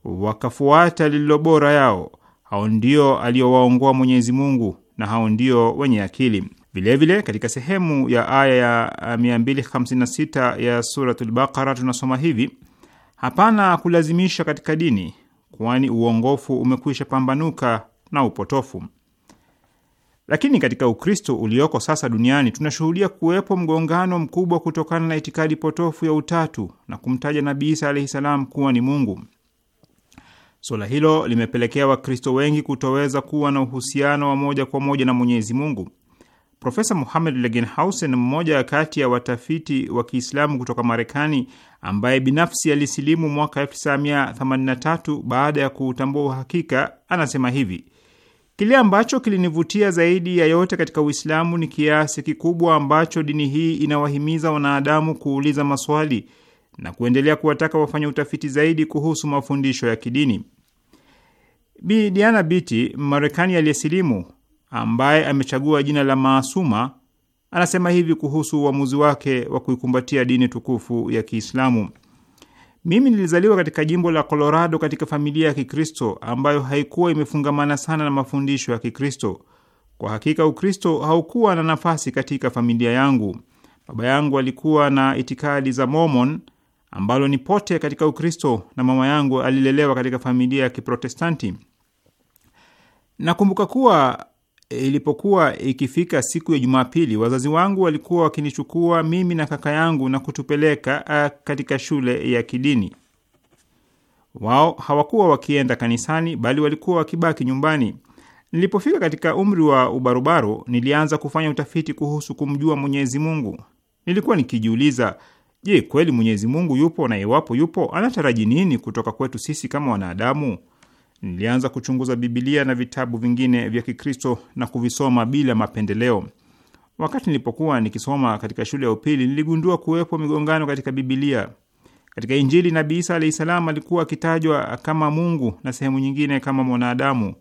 wakafuata lililo bora yao. Hao ndio aliowaongoa Mwenyezi Mungu na hao ndio wenye akili. Vilevile vile, katika sehemu ya aya ya 256 ah, ya Suratul Baqara tunasoma hivi: hapana kulazimisha katika dini, kwani uongofu umekwisha pambanuka na upotofu. Lakini katika Ukristo ulioko sasa duniani tunashuhudia kuwepo mgongano mkubwa kutokana na itikadi potofu ya utatu na kumtaja Nabii Isa alahi salam kuwa ni Mungu. Suala hilo limepelekea Wakristo wengi kutoweza kuwa na uhusiano wa moja kwa moja na Mwenyezi Mungu. Profesa Muhammad Legenhausen, mmoja kati ya watafiti wa Kiislamu kutoka Marekani, ambaye binafsi alisilimu mwaka 1983 baada ya kuutambua uhakika, anasema hivi: Kile ambacho kilinivutia zaidi ya yote katika Uislamu ni kiasi kikubwa ambacho dini hii inawahimiza wanadamu kuuliza maswali na kuendelea kuwataka wafanye utafiti zaidi kuhusu mafundisho ya kidini. Bi Diana Biti, Marekani aliyesilimu ambaye amechagua jina la Maasuma, anasema hivi kuhusu uamuzi wake wa kuikumbatia dini tukufu ya Kiislamu: mimi nilizaliwa katika jimbo la Colorado katika familia ya Kikristo ambayo haikuwa imefungamana sana na mafundisho ya Kikristo. Kwa hakika Ukristo haukuwa na nafasi katika familia yangu. Baba yangu alikuwa na itikadi za Mormon ambalo ni pote katika Ukristo na mama yangu alilelewa katika familia ya Kiprotestanti. Nakumbuka kuwa ilipokuwa ikifika siku ya Jumapili, wazazi wangu walikuwa wakinichukua mimi na kaka yangu na kutupeleka uh, katika shule ya kidini. Wao hawakuwa wakienda kanisani, bali walikuwa wakibaki nyumbani. Nilipofika katika umri wa ubarobaro, nilianza kufanya utafiti kuhusu kumjua Mwenyezi Mungu. Nilikuwa nikijiuliza, je, kweli Mwenyezi Mungu yupo? Na iwapo yupo, anataraji nini kutoka kwetu sisi kama wanadamu? Nilianza kuchunguza Bibilia na vitabu vingine vya Kikristo na kuvisoma bila mapendeleo. Wakati nilipokuwa nikisoma katika shule ya upili, niligundua kuwepo migongano katika Bibilia. Katika Injili Nabii Isa alahi salam alikuwa akitajwa kama Mungu na sehemu nyingine kama mwanadamu.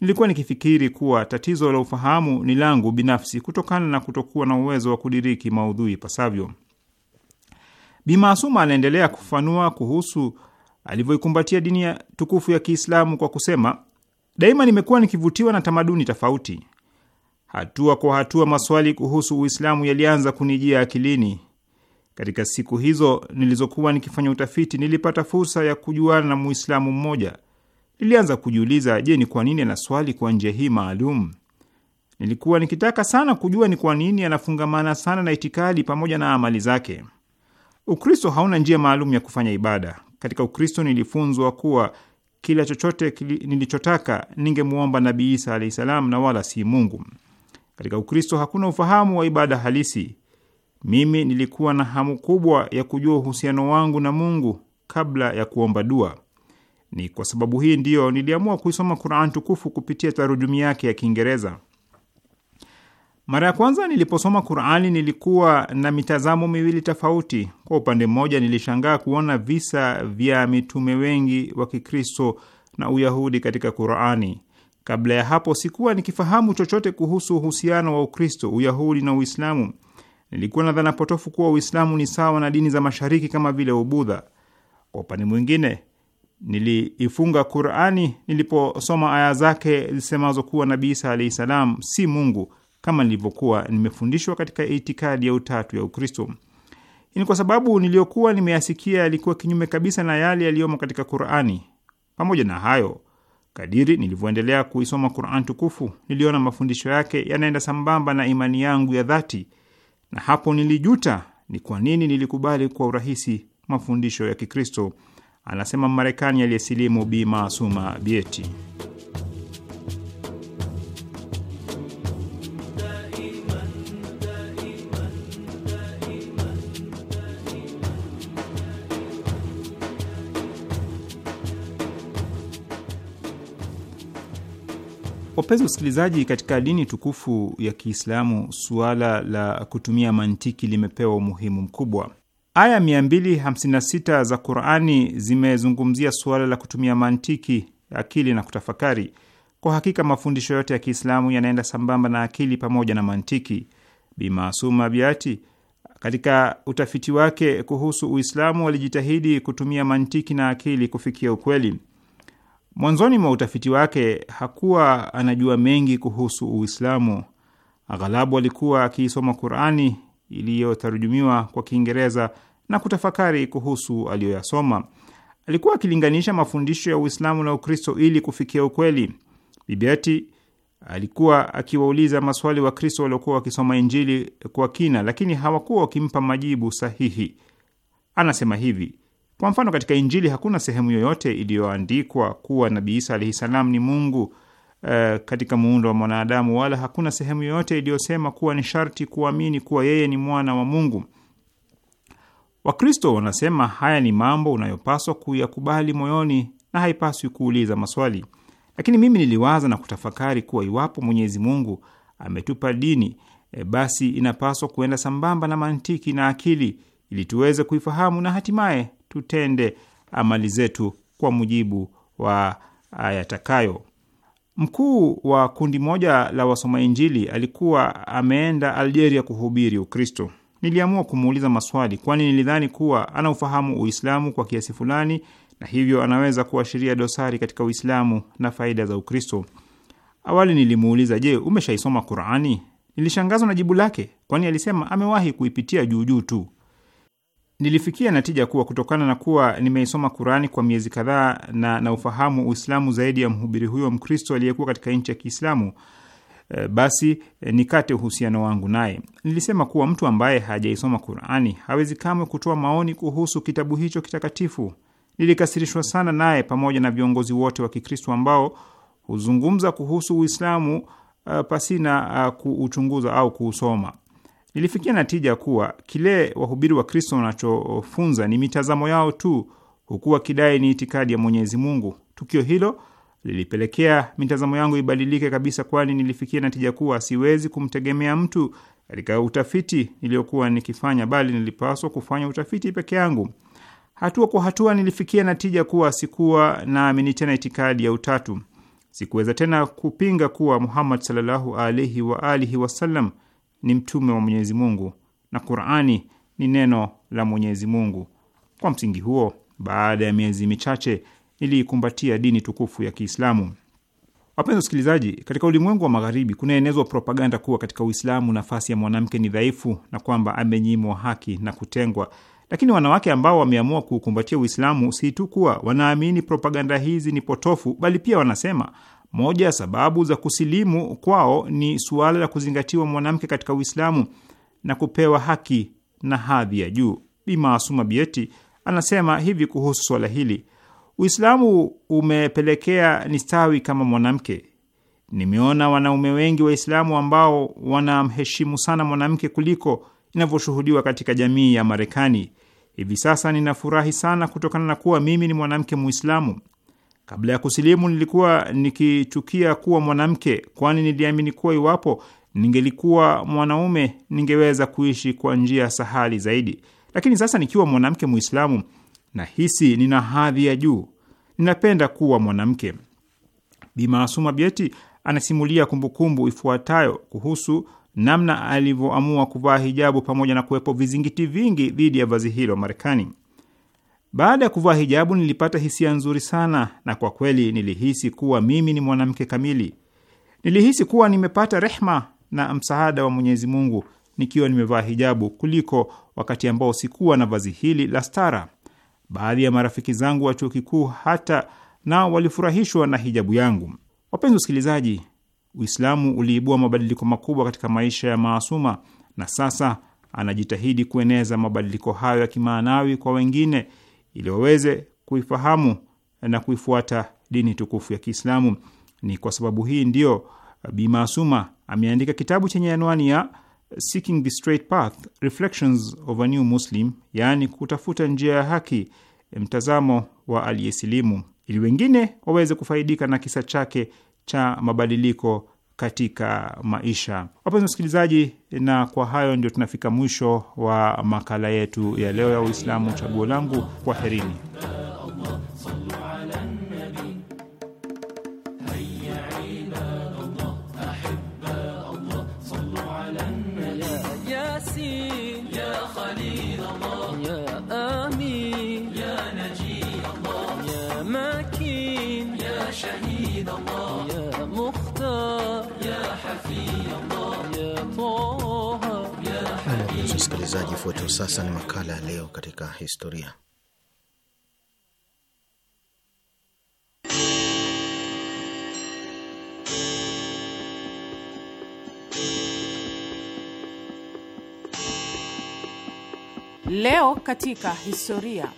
Nilikuwa nikifikiri kuwa tatizo la ufahamu ni langu binafsi kutokana na kutokuwa na uwezo wa kudiriki maudhui ipasavyo. Bi anaendelea kufanua kuhusu alivyoikumbatia dini ya tukufu ya Kiislamu kwa kusema, daima nimekuwa nikivutiwa na tamaduni tofauti. Hatua kwa hatua, maswali kuhusu Uislamu yalianza kunijia akilini. Katika siku hizo nilizokuwa nikifanya utafiti, nilipata fursa ya kujuana na Muislamu mmoja. Nilianza kujiuliza, je, ni kwa nini anaswali kwa njia hii maalum? Nilikuwa nikitaka sana kujua ni kwa nini anafungamana sana na itikadi pamoja na amali zake. Ukristo hauna njia maalum ya kufanya ibada katika Ukristo nilifunzwa kuwa kila chochote nilichotaka ningemwomba Nabii Isa alahi salam na wala si Mungu. Katika Ukristo hakuna ufahamu wa ibada halisi. Mimi nilikuwa na hamu kubwa ya kujua uhusiano wangu na Mungu kabla ya kuomba dua. Ni kwa sababu hii ndiyo niliamua kuisoma Quran tukufu kupitia tarujumi yake ya Kiingereza. Mara ya kwanza niliposoma Qurani nilikuwa na mitazamo miwili tofauti. Kwa upande mmoja, nilishangaa kuona visa vya mitume wengi wa Kikristo na Uyahudi katika Qurani. Kabla ya hapo sikuwa nikifahamu chochote kuhusu uhusiano wa Ukristo, Uyahudi na Uislamu. Nilikuwa na dhana potofu kuwa Uislamu ni sawa na dini za mashariki kama vile Ubudha. Kwa upande mwingine, niliifunga Qurani niliposoma aya zake zisemazo kuwa Nabii Isa alahi salam si Mungu kama nilivyokuwa nimefundishwa katika itikadi ya utatu ya Ukristo. Ni kwa sababu niliyokuwa nimeyasikia yalikuwa kinyume kabisa na yale yaliyomo katika Qur'ani. Pamoja na hayo, kadiri nilivyoendelea kuisoma Qur'an tukufu, niliona mafundisho yake yanaenda sambamba na imani yangu ya dhati, na hapo nilijuta ni kwa nini nilikubali kwa urahisi mafundisho ya Kikristo, anasema marekani aliyesilimu Bi Maasuma Bieti. Mpenzi msikilizaji, katika dini tukufu ya Kiislamu suala la kutumia mantiki limepewa umuhimu mkubwa. Aya 256 za Qurani zimezungumzia suala la kutumia mantiki, akili na kutafakari. Kwa hakika mafundisho yote ya Kiislamu yanaenda sambamba na akili pamoja na mantiki. Bimaasuma Abiati katika utafiti wake kuhusu Uislamu alijitahidi kutumia mantiki na akili kufikia ukweli. Mwanzoni mwa utafiti wake hakuwa anajua mengi kuhusu Uislamu. Aghalabu alikuwa akiisoma Qurani iliyotarujumiwa kwa Kiingereza na kutafakari kuhusu aliyoyasoma. Alikuwa akilinganisha mafundisho ya Uislamu na Ukristo ili kufikia ukweli. bibiati alikuwa akiwauliza maswali Wakristo waliokuwa wakisoma Injili kwa kina, lakini hawakuwa wakimpa majibu sahihi. Anasema hivi: kwa mfano, katika Injili hakuna sehemu yoyote iliyoandikwa kuwa Nabii Isa alaihi salam ni Mungu uh, katika muundo wa mwanadamu, wala hakuna sehemu yoyote iliyosema kuwa ni sharti kuamini kuwa yeye ni mwana wa Mungu. Wakristo wanasema haya ni mambo unayopaswa kuyakubali moyoni na haipaswi kuuliza maswali. Lakini mimi niliwaza na kutafakari kuwa iwapo Mwenyezi Mungu ametupa dini e, basi inapaswa kuenda sambamba na mantiki na akili ili tuweze kuifahamu na hatimaye tutende amali zetu kwa mujibu wa uh, yatakayo. Mkuu wa kundi moja la wasoma Injili alikuwa ameenda Algeria kuhubiri Ukristo. Niliamua kumuuliza maswali, kwani nilidhani kuwa ana ufahamu Uislamu kwa kiasi fulani na hivyo anaweza kuashiria dosari katika Uislamu na faida za Ukristo. Awali nilimuuliza, je, umeshaisoma Qurani? Nilishangazwa na jibu lake, kwani alisema amewahi kuipitia juujuu tu. Nilifikia natija kuwa kutokana na kuwa nimeisoma Kurani kwa miezi kadhaa na na ufahamu Uislamu zaidi ya mhubiri huyo Mkristo aliyekuwa katika nchi ya Kiislamu, eh, basi eh, nikate uhusiano wangu naye. Nilisema kuwa mtu ambaye hajaisoma Kurani hawezi kamwe kutoa maoni kuhusu kitabu hicho kitakatifu. Nilikasirishwa sana naye pamoja na viongozi wote wa Kikristo ambao huzungumza kuhusu Uislamu uh, pasina uh, kuuchunguza au kuusoma. Nilifikia natija kuwa kile wahubiri wa Kristo wanachofunza ni mitazamo yao tu, huku wakidai ni itikadi ya Mwenyezi Mungu. Tukio hilo lilipelekea mitazamo yangu ibadilike kabisa, kwani nilifikia natija kuwa siwezi kumtegemea mtu katika utafiti niliyokuwa nikifanya, bali nilipaswa kufanya utafiti peke yangu. Hatua kwa hatua nilifikia natija kuwa sikuwa naamini tena itikadi ya utatu. Sikuweza tena kupinga kuwa Muhammad sallallahu alaihi wa alihi wasallam ni mtume wa Mwenyezi Mungu na Qurani ni neno la Mwenyezi Mungu. Kwa msingi huo, baada ya miezi michache niliikumbatia dini tukufu ya Kiislamu. Wapenzi wasikilizaji, katika ulimwengu wa Magharibi kunaenezwa propaganda kuwa katika Uislamu nafasi ya mwanamke ni dhaifu na kwamba amenyimwa haki na kutengwa. Lakini wanawake ambao wameamua kuukumbatia Uislamu si tu kuwa wanaamini propaganda hizi ni potofu, bali pia wanasema moja ya sababu za kusilimu kwao ni suala la kuzingatiwa mwanamke katika Uislamu na kupewa haki na hadhi ya juu. Bi Maasuma Bieti anasema hivi kuhusu swala hili: Uislamu umepelekea ni stawi kama mwanamke. Nimeona wanaume wengi Waislamu ambao wanamheshimu sana mwanamke kuliko inavyoshuhudiwa katika jamii ya Marekani hivi sasa. Ninafurahi sana kutokana na kuwa mimi ni mwanamke Muislamu. Kabla ya kusilimu nilikuwa nikichukia kuwa mwanamke, kwani niliamini kuwa iwapo ningelikuwa mwanaume ningeweza kuishi kwa njia sahali zaidi. Lakini sasa nikiwa mwanamke Muislamu nahisi nina hadhi ya juu, ninapenda kuwa mwanamke. Bi Maasuma Bieti anasimulia kumbukumbu ifuatayo kuhusu namna alivyoamua kuvaa hijabu pamoja na kuwepo vizingiti vingi dhidi ya vazi hilo Marekani. Baada ya kuvaa hijabu nilipata hisia nzuri sana, na kwa kweli nilihisi kuwa mimi ni mwanamke kamili. Nilihisi kuwa nimepata rehma na msaada wa Mwenyezi Mungu nikiwa nimevaa hijabu kuliko wakati ambao sikuwa na vazi hili la stara. Baadhi ya marafiki zangu wa chuo kikuu hata nao walifurahishwa na hijabu yangu. Wapenzi wasikilizaji, Uislamu uliibua mabadiliko makubwa katika maisha ya Maasuma, na sasa anajitahidi kueneza mabadiliko hayo ya kimaanawi kwa wengine ili waweze kuifahamu na kuifuata dini tukufu ya Kiislamu. Ni kwa sababu hii ndiyo uh, Bi Maasuma ameandika kitabu chenye anwani ya uh, Seeking the Straight Path, Reflections of a New Muslim, yaani kutafuta njia ya haki, um, mtazamo wa aliyesilimu, ili wengine waweze kufaidika na kisa chake cha mabadiliko katika maisha. Wapenzi wasikilizaji, na kwa hayo ndio tunafika mwisho wa makala yetu ya leo ya Uislamu Chaguo Langu. Kwaherini. msikilizaji, fuatao sasa ni makala ya leo katika historia. Leo katika historia.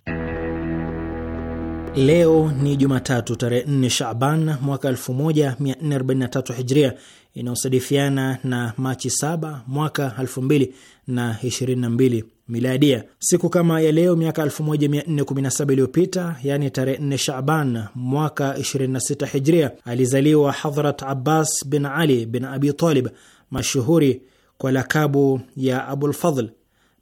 Leo ni Jumatatu tarehe 4 Shaban mwaka 1443 Hijria inayosadifiana na Machi 7 mwaka 2022 miladia. Siku kama ya leo miaka 1417 iliyopita, yani tarehe 4 Shaban mwaka 26 Hijria, alizaliwa Hadhrat Abbas bin Ali bin Abi Talib, mashuhuri kwa lakabu ya abulfadl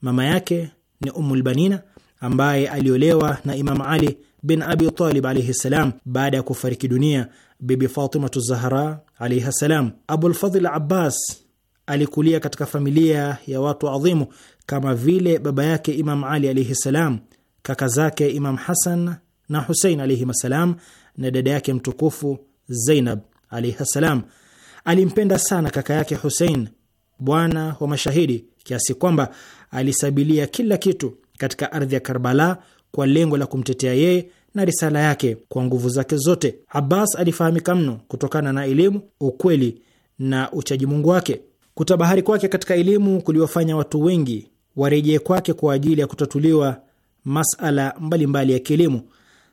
Mama yake ni Ummulbanina ambaye aliolewa na Imam Ali bin Abi Talib alaihi ssalam baada ya kufariki dunia Bibi Fatimatu Zahra alaiha salam. Abulfadhil Abbas alikulia katika familia ya watu adhimu kama vile baba yake Imam Ali alaihi salam, kaka zake Imam Hasan na Husein alaihim assalam, na dada yake mtukufu Zainab alaihi salam. Alimpenda sana kaka yake Husein, bwana wa mashahidi, kiasi kwamba alisabilia kila kitu katika ardhi ya Karbala kwa lengo la kumtetea yeye na risala yake kwa nguvu zake zote. Abbas alifahamika mno kutokana na elimu, ukweli na uchaji Mungu wake. Kutabahari kwake katika elimu kuliwafanya watu wengi warejee kwake kwa ajili ya kutatuliwa masala mbalimbali mbali ya kielimu.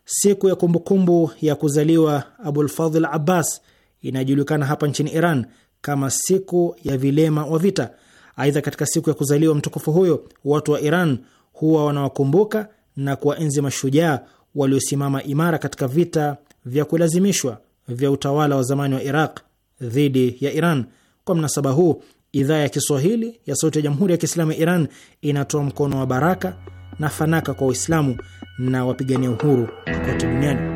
Siku ya kumbukumbu ya kuzaliwa Abulfadhl Abbas inayojulikana hapa nchini Iran kama siku ya vilema wa vita. Aidha, katika siku ya kuzaliwa mtukufu huyo, watu wa Iran huwa wanawakumbuka na kuwaenzi mashujaa waliosimama imara katika vita vya kulazimishwa vya utawala wa zamani wa Iraq dhidi ya Iran. Kwa mnasaba huu, idhaa ya Kiswahili ya Sauti ya Jamhuri ya Kiislamu ya Iran inatoa mkono wa baraka na fanaka kwa Waislamu na wapigania uhuru kote duniani.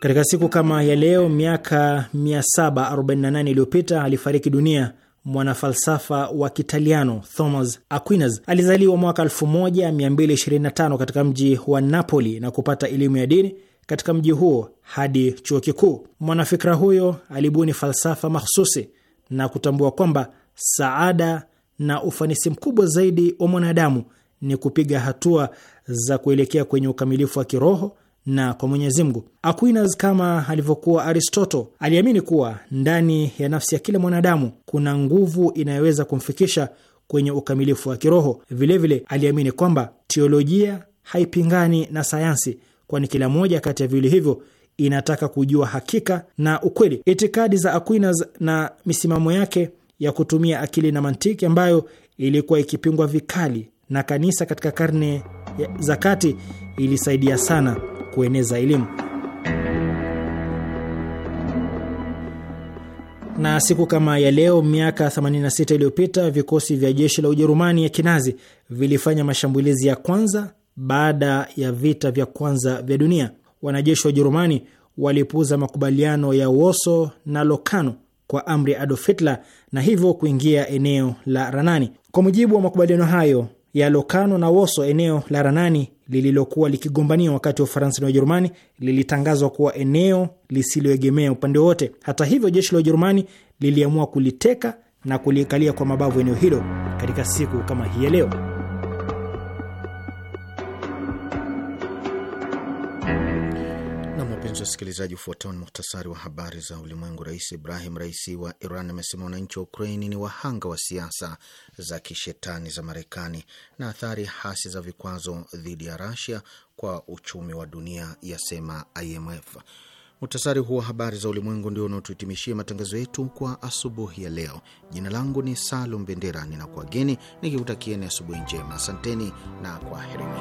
Katika siku kama ya leo miaka 748 iliyopita alifariki dunia mwanafalsafa wa Kitaliano Thomas Aquinas. Alizaliwa mwaka 1225 katika mji wa Napoli na kupata elimu ya dini katika mji huo hadi chuo kikuu. Mwanafikra huyo alibuni falsafa mahsusi na kutambua kwamba saada na ufanisi mkubwa zaidi wa mwanadamu ni kupiga hatua za kuelekea kwenye ukamilifu wa kiroho na kwa Mwenyezi Mungu. Aquinas, kama alivyokuwa Aristoto, aliamini kuwa ndani ya nafsi ya kila mwanadamu kuna nguvu inayoweza kumfikisha kwenye ukamilifu wa kiroho. Vilevile vile, aliamini kwamba teolojia haipingani na sayansi, kwani kila moja kati ya viwili hivyo inataka kujua hakika na ukweli. Itikadi za Aquinas na misimamo yake ya kutumia akili na mantiki ambayo ilikuwa ikipingwa vikali na kanisa katika karne za kati ilisaidia sana kueneza elimu. Na siku kama ya leo miaka 86 iliyopita vikosi vya jeshi la Ujerumani ya Kinazi vilifanya mashambulizi ya kwanza baada ya vita vya kwanza vya dunia. Wanajeshi wa Ujerumani walipuuza makubaliano ya Woso na Lokano kwa amri ya Adolf Hitler na hivyo kuingia eneo la Ranani. Kwa mujibu wa makubaliano hayo ya Lokano na Woso, eneo la Ranani lililokuwa likigombania wakati wa Ufaransa na Ujerumani lilitangazwa kuwa eneo lisiloegemea upande wote Hata hivyo, jeshi la Ujerumani liliamua kuliteka na kulikalia kwa mabavu eneo hilo katika siku kama hii ya leo. Wapenzi wasikilizaji, ufuatao ni muhtasari wa habari za ulimwengu. Rais Ibrahim Raisi wa Iran amesema wananchi wa Ukraini ni wahanga wa siasa za kishetani za Marekani na athari hasi za vikwazo dhidi ya Rasia kwa uchumi wa dunia, yasema IMF. Muhtasari huu wa habari za ulimwengu ndio unaotuhitimishia matangazo yetu kwa asubuhi ya leo. Jina langu ni Salum Bendera, ninakuageni nikikutakieni asubuhi njema. Asanteni na kwaherini.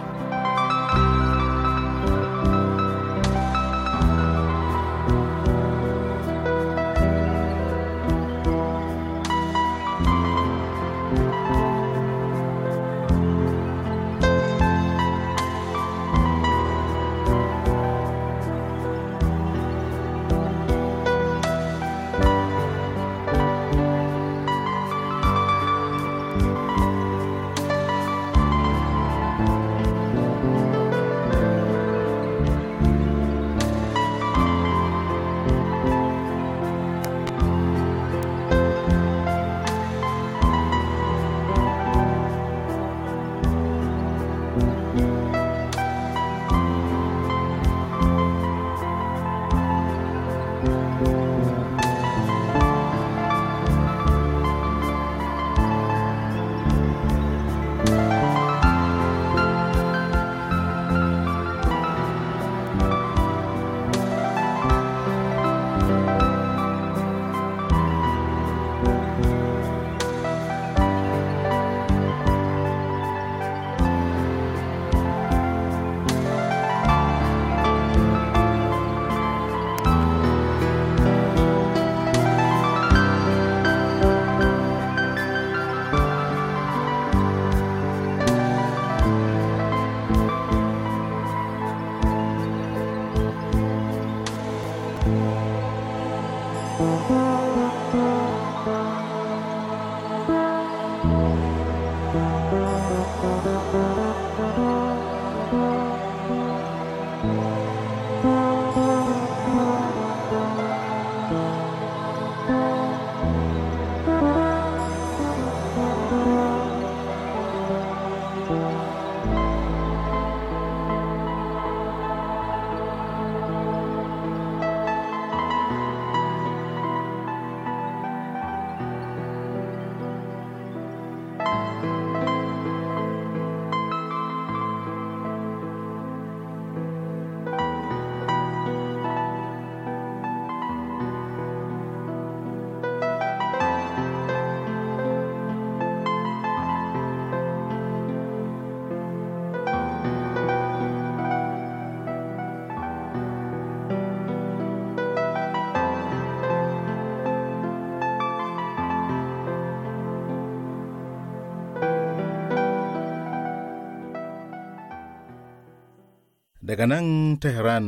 Daga nan Tehran,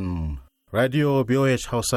Radio BOH Hausa